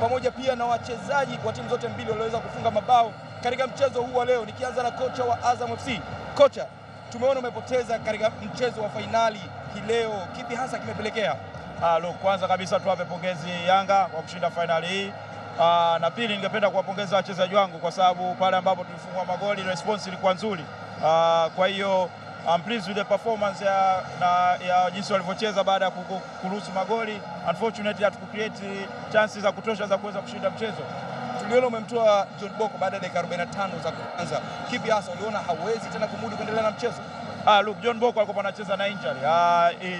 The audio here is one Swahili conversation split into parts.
pamoja pia na wachezaji wa timu zote mbili walioweza kufunga mabao katika mchezo huu wa leo, nikianza na kocha wa Azam FC. Kocha, tumeona umepoteza katika mchezo wa fainali hii leo, kipi hasa kimepelekea? Alo, ah, kwanza kabisa tuwape pongezi Yanga kwa kushinda fainali hii. Aa, ah, na pili ningependa kuwapongeza wachezaji wangu kwa sababu pale ambapo tulifungua magoli response ilikuwa nzuri. Aa, ah, kwa hiyo I'm pleased with the performance ya, na, ya jinsi walivyocheza baada ya kuruhusu magoli. Unfortunately create chances za kutosha za kuweza kushinda mchezo. Tuliona umemtoa John Boko baada ya dakika 45 za kuanza, kipi hasa uliona hawezi tena kumudu kuendelea na mchezo? Ah, look, John Boko alikuwa anacheza na injury. Ah, e,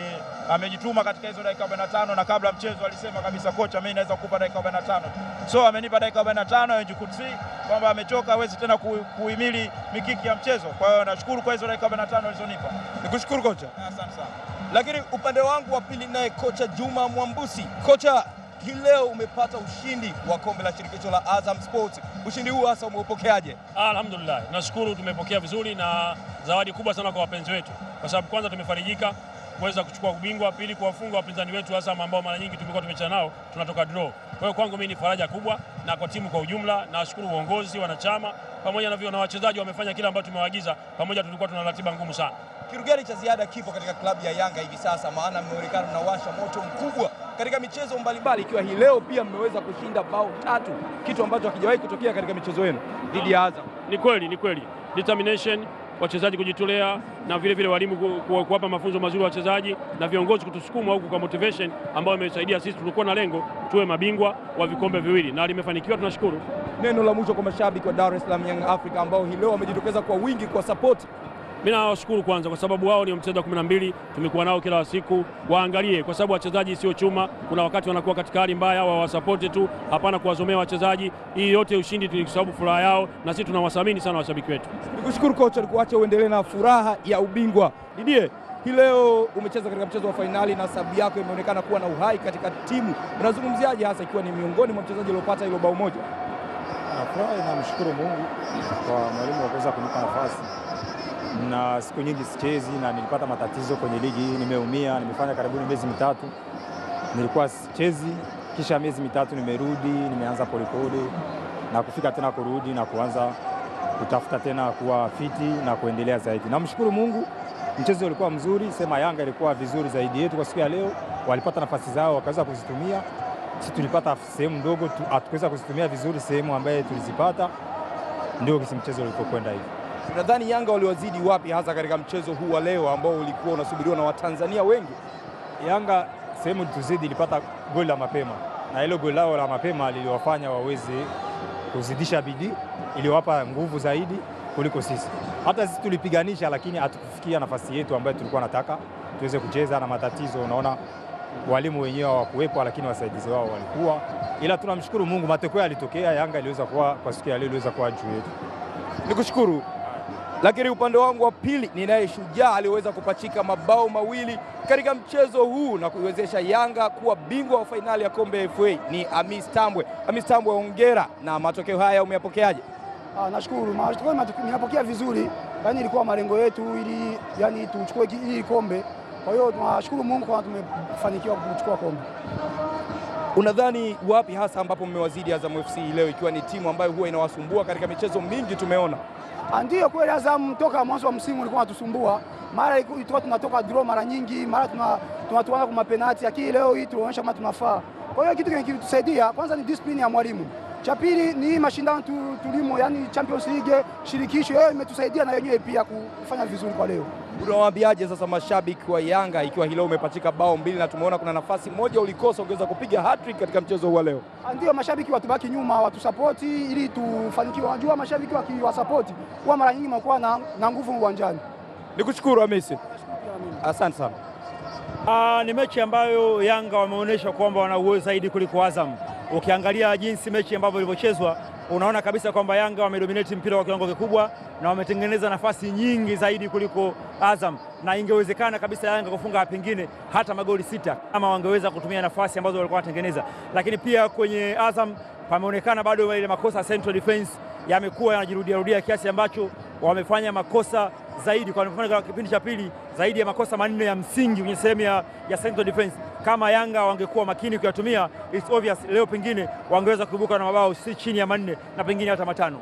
amejituma katika hizo dakika 45 na kabla mchezo alisema kabisa kocha, mimi naweza kukupa dakika 45. So amenipa dakika 45 Njukuti kwamba amechoka, hawezi tena kuhimili mikiki ya mchezo. Kwa hiyo nashukuru kwa hizo dakika 45 alizonipa. Nikushukuru kocha. Asante sana. Lakini upande wangu wa pili naye kocha Juma Mwambusi. Kocha hii leo umepata ushindi wa kombe la shirikisho la Azam Sports. Ushindi huu hasa umeupokeaje? Alhamdulillah, nashukuru tumepokea vizuri na zawadi kubwa sana kwa wapenzi wetu, kwa sababu kwanza tumefarijika kuweza kuchukua ubingwa, pili kuwafunga wapinzani wetu hasa ambao mara nyingi tumekuwa tumecheza nao tunatoka draw. Kwa hiyo kwangu mimi ni faraja kubwa na kwa timu kwa ujumla. Nashukuru uongozi, wanachama pamoja na vio na wachezaji wamefanya kila ambacho tumewaagiza. Pamoja tulikuwa tuna ratiba ngumu sana. Kitu gani cha ziada kipo katika klabu ya Yanga hivi sasa, maana mmeonekana mnawasha moto mkubwa katika michezo mbalimbali, ikiwa hii leo pia mmeweza kushinda bao tatu, kitu ambacho hakijawahi kutokea katika michezo yenu dhidi ya Azam. Ni kweli, ni kweli, determination wachezaji kujitolea na vile vile walimu kuwapa ku, ku, mafunzo mazuri wachezaji na viongozi kutusukuma huku kwa motivation ambayo imesaidia sisi. Tulikuwa na lengo tuwe mabingwa wa vikombe viwili na limefanikiwa, tunashukuru. Neno la mwisho kwa mashabiki wa Dar es Salaam Young Africa ambao hii leo wamejitokeza kwa wingi kwa support mimi nawashukuru kwanza kwa sababu wao ni mchezo wa kumi na mbili tumekuwa nao kila siku, waangalie kwa sababu wachezaji sio chuma. Kuna wakati wanakuwa katika hali mbaya, wawasapoti tu, hapana kuwazomea wachezaji. Hii yote ushindi ni kwa sababu furaha yao, na sisi tunawathamini sana washabiki wetu. Nikushukuru kocha, nikuache uendelee na furaha ya ubingwa. Didie, hii leo umecheza katika mchezo wa fainali na sabu yako imeonekana kuwa na uhai katika timu, unazungumziaje hasa ikiwa ni miongoni mwa mchezaji aliopata hilo bao moja? Nafurahi, namshukuru Mungu kwa mwalimu wa kuweza kunipa nafasi na siku nyingi sichezi, na nilipata matatizo kwenye ligi hii, nimeumia, nimefanya karibuni miezi mitatu nilikuwa sichezi, kisha miezi mitatu nimerudi, nimeanza polepole na kufika tena kurudi na kuanza kutafuta tena kuwa fiti na kuendelea zaidi. Namshukuru Mungu, mchezo ulikuwa mzuri, sema Yanga ilikuwa vizuri zaidi yetu kwa siku ya leo, walipata nafasi zao wakaweza kuzitumia. Sisi tulipata sehemu ndogo, hatukuweza kuzitumia vizuri sehemu ambaye tulizipata, ndio kisi mchezo ulipokwenda hivi. Unadhani Yanga waliwazidi wapi hasa katika mchezo huu wa leo ambao ulikuwa unasubiriwa na Watanzania wengi? Yanga sehemu tuzidi ilipata goli la mapema, na hilo goli lao la mapema liliwafanya waweze kuzidisha bidii, iliwapa nguvu zaidi kuliko sisi. Hata sisi tulipiganisha, lakini hatukufikia nafasi yetu ambayo tulikuwa nataka tuweze kucheza, na matatizo unaona walimu wenyewe hawakuwepo, lakini wasaidizi wao walikuwa. Ila tunamshukuru Mungu, matokeo yalitokea, Yanga iliweza kuwa kwa siku ya leo iliweza kuwa juu yetu. Nikushukuru. Lakini upande wangu wa pili ninaye shujaa aliyoweza kupachika mabao mawili katika mchezo huu na kuiwezesha Yanga kuwa bingwa wa fainali ya kombe ya FA ni Amis Tambwe. Amis Tambwe, hongera na matokeo haya, umeyapokeaje? Ah, nashukuru nimeyapokea vizuri, yaani ilikuwa malengo yetu ili yani tuchukue hili kombe. Kwa hiyo tunashukuru Mungu kwa tumefanikiwa kuchukua kombe. Unadhani wapi hasa ambapo mmewazidi Azam FC leo, ikiwa ni timu ambayo huwa inawasumbua katika michezo mingi tumeona Ah, Ndiyo kweli, Azam toka mwanzo wa msimu ulikuwa unatusumbua, mara ilikuwa tunatoka draw mara nyingi, mara tunatuana tuna kwa mapenati, lakini leo hii tunaonyesha kama tunafaa. Kwa hiyo kitu kinachotusaidia kwanza ni discipline ya mwalimu. Cha pili ni hii mashindano tu, tulimo yani Champions League shirikisho, yeye eh, imetusaidia na yenyewe pia kufanya vizuri kwa leo. Unawaambiaje sasa mashabiki wa Yanga ikiwa hilo umepachika bao mbili na tumeona kuna nafasi moja ulikosa ungeweza kupiga hattrick katika mchezo huu wa leo? Ah, ndio, mashabiki watubaki nyuma, watusapoti ili tufanikiwe. Unajua mashabiki wakiwasapoti huwa mara nyingi makuwa na, na nguvu uwanjani. Nikushukuru Hamisi, asante sana. Ah, ni mechi ambayo Yanga wameonyesha kwamba wana uwezo zaidi kuliko Azam ukiangalia jinsi mechi ambavyo ilivyochezwa unaona kabisa kwamba Yanga wamedominate mpira kwa kiwango kikubwa na wametengeneza nafasi nyingi zaidi kuliko Azam, na ingewezekana kabisa Yanga kufunga pengine hata magoli sita kama wangeweza kutumia nafasi ambazo walikuwa wanatengeneza. Lakini pia kwenye Azam pameonekana bado ile makosa central defense yamekuwa yanajirudiarudia kiasi ambacho wamefanya makosa zaidi, kwa kipindi cha pili zaidi ya makosa manne ya msingi kwenye sehemu ya, ya central defense. Kama Yanga wangekuwa makini kuyatumia, it's obvious leo pengine wangeweza kuibuka na mabao si chini ya manne na pengine hata matano.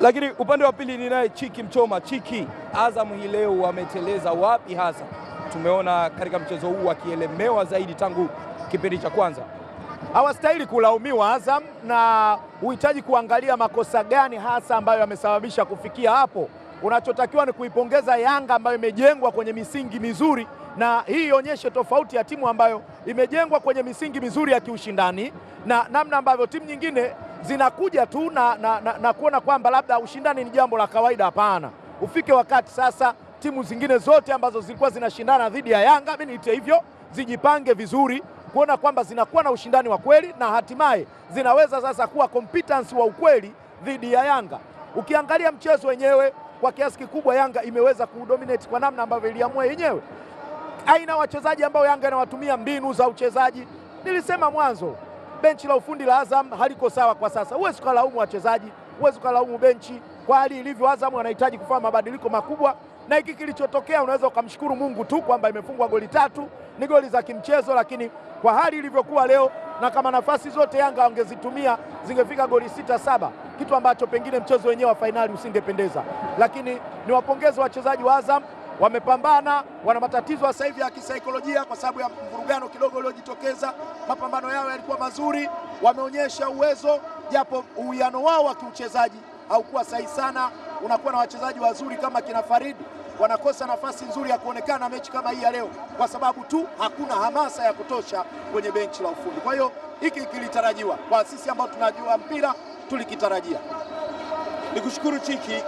Lakini upande wa pili ni naye Chiki Mchoma. Chiki, Azam hii leo wameteleza wapi hasa? Tumeona katika mchezo huu akielemewa zaidi tangu kipindi cha kwanza. Hawastahili kulaumiwa Azam, na huhitaji kuangalia makosa gani hasa ambayo yamesababisha kufikia hapo Unachotakiwa ni kuipongeza Yanga ambayo imejengwa kwenye misingi mizuri, na hii ionyeshe tofauti ya timu ambayo imejengwa kwenye misingi mizuri ya kiushindani na namna ambavyo timu nyingine zinakuja tu na, na, na, na kuona kwamba labda ushindani ni jambo la kawaida. Hapana, ufike wakati sasa timu zingine zote ambazo zilikuwa zinashindana dhidi ya Yanga, mimi niite hivyo, zijipange vizuri kuona kwamba zinakuwa na ushindani wa kweli na hatimaye zinaweza sasa kuwa competence wa ukweli dhidi ya Yanga. Ukiangalia mchezo wenyewe kwa kiasi kikubwa Yanga imeweza kudominate kwa namna ambavyo iliamua yenyewe. Aina wachezaji ambao Yanga inawatumia mbinu za uchezaji, nilisema mwanzo, benchi la ufundi la Azam haliko sawa kwa sasa. Huwezi ukalaumu wachezaji, huwezi ukalaumu benchi kwa hali ilivyo. Azam anahitaji kufanya mabadiliko makubwa, na hiki kilichotokea, unaweza ukamshukuru Mungu tu kwamba imefungwa goli tatu, ni goli za kimchezo, lakini kwa hali ilivyokuwa leo, na kama nafasi zote Yanga wangezitumia zingefika goli sita saba kitu ambacho pengine mchezo wenyewe wa fainali usingependeza. Lakini ni wachezaji wa Azam, wamepambana. Wana matatizo sasa hivi ya kisaikolojia kwa sababu ya mvurugano kidogo uliojitokeza. Mapambano yao yalikuwa mazuri, wameonyesha uwezo, japo uwiano wao wa kiuchezaji haukuwa sahihi sana. Unakuwa na wachezaji wazuri kama kina Farid wanakosa nafasi nzuri ya kuonekana mechi kama hii ya leo, kwa sababu tu hakuna hamasa ya kutosha kwenye benchi la ufundi. Kwa hiyo hiki kilitarajiwa kwa sisi ambao tunajua mpira tulikitarajia. Nikushukuru Chiki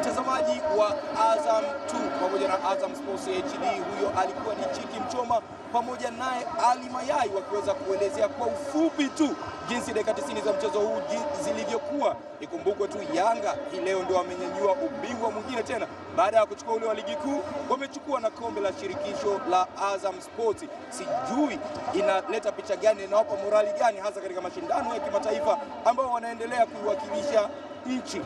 mtazamaji wa Azam 2 pamoja na Azam Sports HD. Huyo alikuwa ni Chiki Mchoma pamoja naye Ali Mayai wakiweza kuelezea kwa ufupi tu jinsi dakika 90 za mchezo huu zilivyokuwa. Ikumbukwe tu Yanga hii leo ndio wamenyanyua ubingwa mwingine tena, baada ya kuchukua ule wa ligi kuu, wamechukua na kombe la shirikisho la Azam Sports. Sijui inaleta picha gani, inawapa morali gani, hasa katika mashindano ya kimataifa ambao wanaendelea kuiwakilisha nchi.